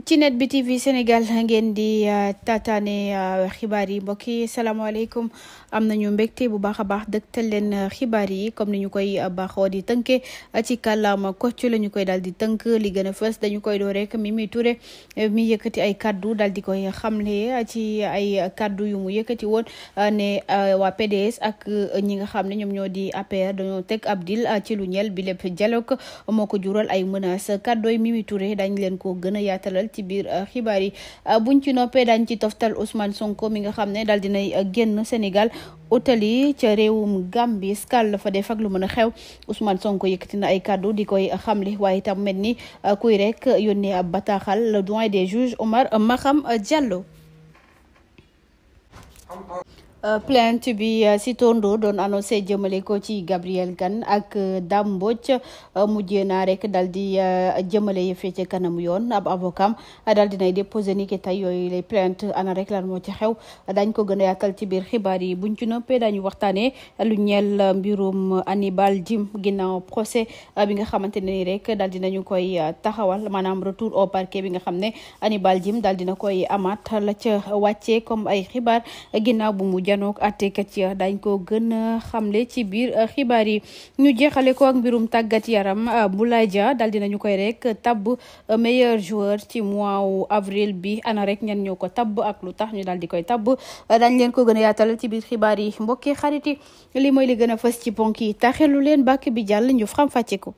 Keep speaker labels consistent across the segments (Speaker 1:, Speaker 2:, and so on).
Speaker 1: ci net bi TV Sénégal ngeen di euh, taataane euh, xibaar yi mbokk yi salaamaaleykum am nañu mbégte bu baax a baax dëgtal leen euh, xibaar yi comme ni ñu koy baaxoo di tënk ci kàllaama kocc la ñu koy daal di tënk li gën a fës dañu koy doo rek Mimi Touré mi yëkkati ay kaddu daal di koy xamle ci ay kaddu yu mu yëkkati woon ne waa PDS ak ñi nga xam ne ñoom ñoo di APR dañoo teg ab dil ci lu ñeel bi lépp dialogue moo ko jural ay menaces kaddu yi Mimi Touré dañ leen ko gën a yaatalal. ci biir euh, xibaar yi euh, buñ ci noppee daañ ci toftal Ousmane Sonko mi nga xam ne daal dinay euh, génn Sénégal utali ca réewum Gambie skal fa def ak lu mën a xew Ousmane Sonko yëkkati na ay kàddu di koy xamle waaye itam met ni kuy rek yónnee ab bataaxal le doyen des juges ma Maham Diallo Euh, plainte bi euh, Sitorndo doon annoncé jëmale ko ci Gabrielle Kane ak euh, Dame Mbodj mujjee naa rek dal di jëmale yi fee ci kanamu yoon ab avocat dal dinay déposé ni ki tey yooyu les plainte ana rek lan moo ci xew dañ ko gën a yaatal ci biir xibaar yi buñ ci noppee dañu waxtaanee lu ñeel mbirum Hannibal Djim ginnaaw procès bi nga xamante ne ni rek dal dinañu koy taxawal maanaam retour au parquet bi nga xam ne Hannibal Djim dal dina koy amaat la ca wàccee comme ay xibaar janook àttekat ya dañ ko gën a xamle ci biir euh, xibaar yi ñu jeexale ko ak mbirum tàggat yaram euh, Boulaye Dia dal dinañu koy rek tabb euh, meilleur joueur ci mois wu avril bi ana rek ñan ñoo ko tabb ak lu tax ñu daal di koy tabb dañ leen ko gën a yaatal ci biir xibaar yi mbokki xarit li mooy li gën a fës ci ponk yi taxelu leen bàkk bi jàll ñu faram fàcce ko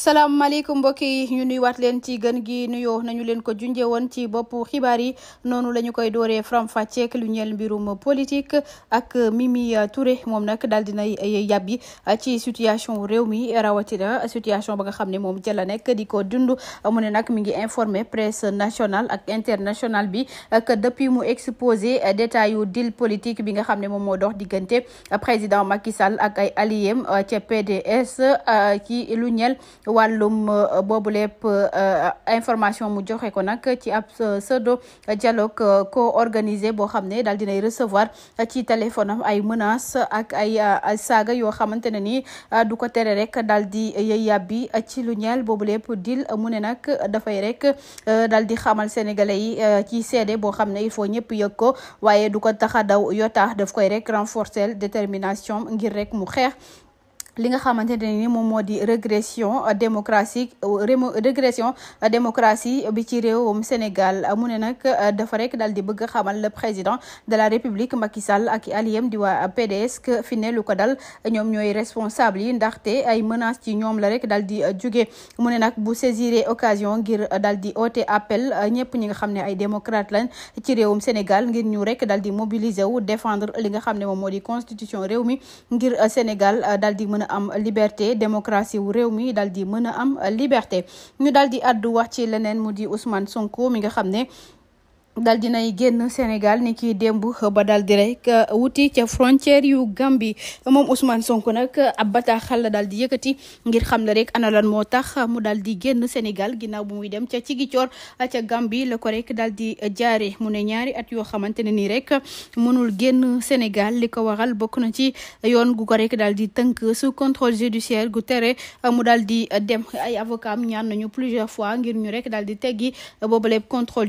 Speaker 1: salaam salaamaaleykum mbokk yi ñu nuyuwaat leen ci gën gi nuyoo nañu leen ko junjee woon ci boppu xibaar yi noonu la ñu koy dooree Faram Facceek lu ñeel mbirum politique ak Mimi Touré moom nag daal dina yàbbi ci situation réew mi rawatina situation ba nga xam ne moom ca nekk di ko dund mu ne nag mi ngi informé presse national ak international bi que depuis mu exposé détail yu deal politique bi nga xam ne moom moo dox diggante président Macky Sall ak ay aliyem ca PDS euh, ci lu wàllum euh, boobu lépp euh, information mu joxe ko nag ci ab euh, pseudo dialogue co organisé boo xam ne daal dinay recevoir ci téléphone am ay menaces ak ay saaga yoo xamante ne ni du ko tere rek daal di yàbbi ci lu ñeel boobu lépp dil mu ne nag dafay rek daal di xamal sénégalais yi ci sede boo xam ne il faut ñëpp yëg ko waaye du ko tax a daw yotaax daf koy rek renforcer détermination ngir rek mu xeex li nga xamante ne nii moom moo di régression euh, démocratique euh, régression euh, démocratie bi ci réewum Sénégal mu ne nag dafa rek daal di bëgg xamal le président de la république Macky Sall ak aliem di waa PDS que fi ne lu ko dal ñoom ñooy responsable yi ndaxte ay menaces ci ñoom la rek dal di jóge mu ne nag bu saisiré occasion ngir dal di oote appel ñëpp ñi nga xam ne ay démocrate lañ ci réewum Sénégal ngir ñu rek dal di mobiliser wu défendre li nga xam ne moom moo di constitution réew mi ngir Sénégal mën a am liberté démocratie wu réew mi dal di mën a am liberté ñu dal di addu wax ci leneen mu di Ousmane Sonko mi nga xam ne dal dinay génn Sénégal ni ki démb ba dal di rek euh, wuti ca frontière yu Gambie moom Ousmane sonk nag ab bataaxal la daal di yëkkati ngir xam la rek ana moo tax mu daal di génn Sénégal ginnaaw bu muy dem ca Ziguinchor ca Gambie la ko rek daal di jaare mu ne ñaari at yoo xamante ne nii rek mënul génn Sénégal li ko waral bokk na ci yoon gu ko rek daal di tënk sous contrôle judiciaire gu tere mu daal di dem ay avocat am ñaan nañu plusieurs fois ngir ñu rek daal teggi boobu lépp contrôle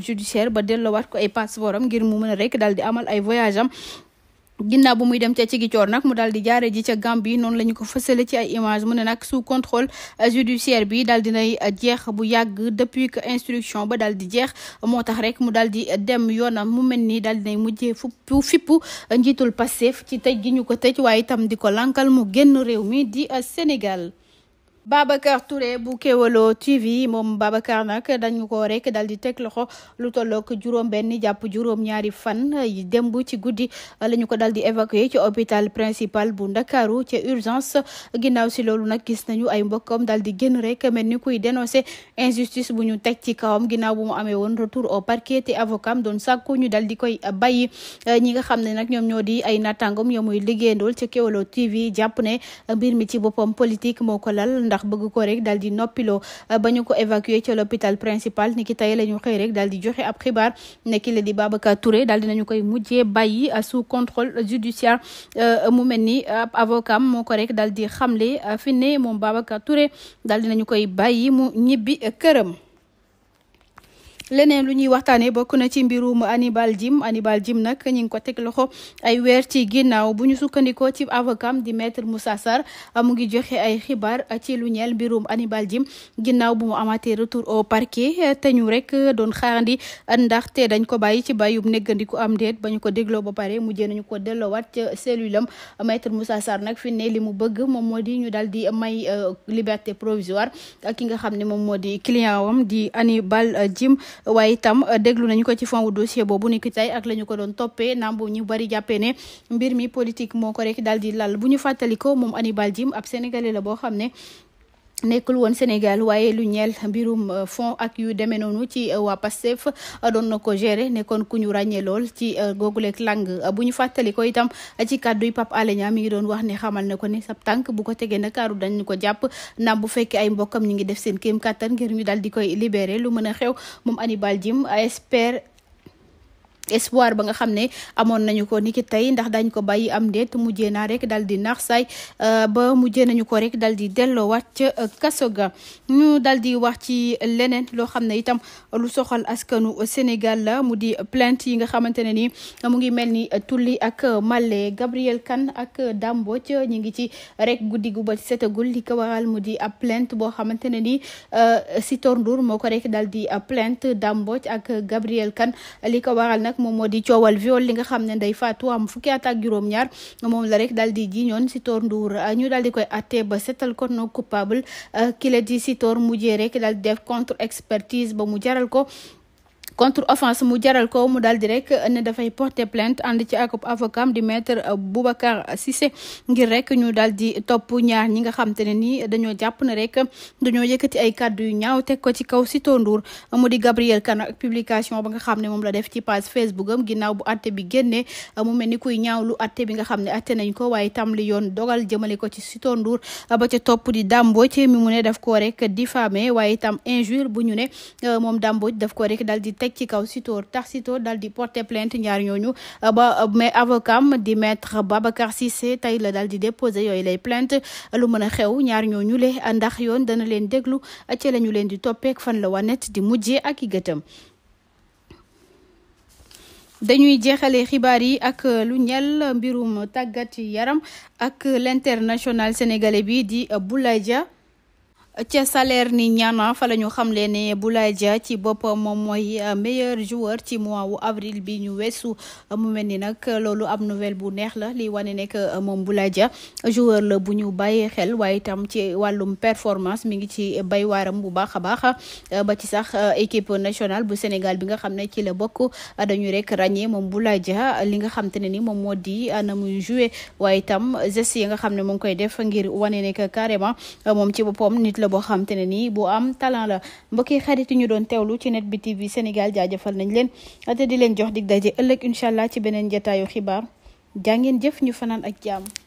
Speaker 1: joxaat ko ay passeport am ngir mu mën a rek daal di amal ay voyage ginaaw ginnaaw bu muy dem ca Ziguinchor nag mu daal di jaare ji ca Gambie noonu la ñu ko fësale ci ay image mu ne nag sous contrôle euh, judiciaire bi daal dinay euh, jeex bu yàgg depuis que instruction ba daal di jeex moo tax rek mu dal di dem yoonam mu mel nii daal dinay mujjee fuppu fippu njiitul Pastef ci tëj gi ñu ko tëj waaye itam di ko lankal mu génn réew mi di euh, Sénégal Babacar Touré bu Kéwoulo TV moom Babacar nag dañu ko rek dal di teg loxo lu tollook juróom benni jàpp juróom ñaari fan yi démb ci guddi la ñu ko dal di évacuer ci hôpital principal bu Ndakaaru ci urgence ginnaaw si loolu nag gis nañu ay mbokkam dal di génn rek mel ni kuy dénoncer injustice bu ñu teg ci kawam ginnaaw bu mu amee woon retour au parquet te avocat doon sàkku ñu dal di koy bàyyi ñi nga xam ne nag ñoom ñoo di ay nattangom yo muy liggéeyandool ci Kéwoulo TV jàpp ne mbir mi ci boppam politique moo ko lal ndax bëgg ko rek daal di noppiloo euh, ba ñu ko évacuer ci l'hôpital principal ni ki tey la xëy rek daal di joxe ab xibaar ne ki la di Babacar Touré daal dinañu koy mujjee bàyyi euh, sous contrôle judiciaire euh, mu mel ni ab avocat moo ko rek daal di xamle fi ne moom Babacar Touré daal nañu koy bàyyi mu ñibbi këram leneen lu ñuy waxtaanee bokk na ci mbirum Hannibal Djim Hannibal Djim nag ñi ngi ko teg loxo ay weer ci ginnaaw bu ñu sukkandikoo ci avocam di maître Moussa Sarr mu ngi joxe ay xibaar ci lu ñeel mbirum Hannibal Djim ginnaaw bu mu amatee retour au parquet te ñu rek doon xaarandi ndaxte dañ ko bàyyi ci bàyyub néggandiku am déet ba ñu ko dégloo ba pare mujjee nañu ko delloowaat ca cellule am maitre Moussa Sarr nag fi ne li mu bëgg moom moo di ñu daal di may euh, liberté provisoire ak ki nga xam ne moom moo di client wam di Hannibal Djim waaye itam euh, déglu nañu ko ci fond wu dossier boobu ni ki tey ak la ñu ko doon toppee naam bu ñu bari jàppee ne mbir mi politique moo ko rek daal di lal bu ñu fàttali ko moom Hannibal Djim ab sénégalais la boo xam ne nekkul woon Sénégal waaye lu ñeel mbirum euh, fon ak yu demee noonu ci euh, waa Pastef euh, doon na ko gérer nekkoon ku ñu ràññee lool ci googuleeg lang bu ñu fàttali ko itam ci kàddu yi Pape Alé Niang mi ngi doon wax ne xamal na ko ne sab tànk bu ko tegee Ndakaaru dañu ko jàpp naam bu fekkee ay mbokkam ñu ngi def seen kéem kattan ngir ñu daal di koy libéré lu mën a xew moom Hannibal Djim espère espoir ba nga xam ne amoon nañu ko niki tey ndax dañ ko bàyyi am déet mujjee naa rek dal di naax saay euh, ba mujjee nañu ko rek dal di delloowaat ca euh, kaso ga ñu dal di wax ci leneen loo xam ne itam lu soxal askanu Sénégal la mu di plainte yi nga xamante ne ni mu ngi mel ni tulli ak Malé Gabriel Kane ak Dambo ca ñu ngi ci rek guddi gu ba setagul li ko waral mu di ab plainte boo xamante ne ni euh, Sitor Ndour moo ko rek dal di plainte Dambo ak Gabriel Kane li ko moom moo di coowal viol li nga xam ne Ndeye Fatou am fukki at ak juróom-ñaar moom la rek daal di si Sitor Ndour euh, ñu daal di koy atte ba setal ko non coupable euh, kile di Sitor mujjee rek daal di def contre expertise ba mu jaral ko. contre offense mu jaral ko mu daal di rek ne dafay porter plainte ànd ci ak avocat di maître Boubacar Cissé ngir rek ñu daal di topp ñaar ñi nga xam te ne nii dañoo jàpp ne rek dañoo yëkkati ay kàddu yu ñaaw teg ko ci kaw Sitor Ndour mu di Gabriel Kane ak publication ba nga xam ne moom la def ci page Facebook am ginnaaw bu atte bi génnee mu mel ni kuy ñaaw lu atte bi nga xam ne atte nañ ko waaye tam li yoon dogal jëmale ko ci Sitor Ndour ba ca topp di dàmboo ci mi mu ne daf ko rek diffamé waaye itam injure bu ñu ne moom dàmboo daf ko rek daal di teg ci kaw Sitor tax Sitor dal di porter plainte ñaar ñooñu euh, ba euh, mais avocat di maître Babacar Cissé tey la dal di déposer yooyu lay plainte lu mën a xew ñaar ñooñu le ndax yoon dana leen déglu ci lañu leen di toppeek fan la wanet di mujje ak i gëtam dañuy jeexalee xibaar yi ak euh, lu ñel mbirum tàggat yi yaram ak l'international sénégalais bi di Boulaye Dia ca Salernitana fa la xam xamle ne Boulaye Dia ci boppam moom mooy euh, meilleur joueur ci mois wu avril bi ñu weesu mu mel ni nag loolu am nouvelle bu neex la li wane nekk euh, moom Boulaye Dia joueur la bu ñu bàyyi xel waaye itam ci wàllum performance mi ngi ci bay waaram bu baax a baax euh, ba ci sax équipe nationale bu Sénégal bi nga xam ne ci la bokk dañu rek ràññee moom Boulaye ja li nga xam te ne ni moom moo di na muy joué waaye itam gestes yi nga xam ne mu ngi koy def ngir wane nekk carrément moom ci boppam nit la boo xam te ne nii bu am talent la mbokki xarit yi ñu doon teewlu ci net bi TV Sénégal jaajëfal nañ leen te di leen jox dig daje ëllëg incha allah ci beneen jataayu xibaar jaa ngeen jëf ñu fanaan ak jàmm.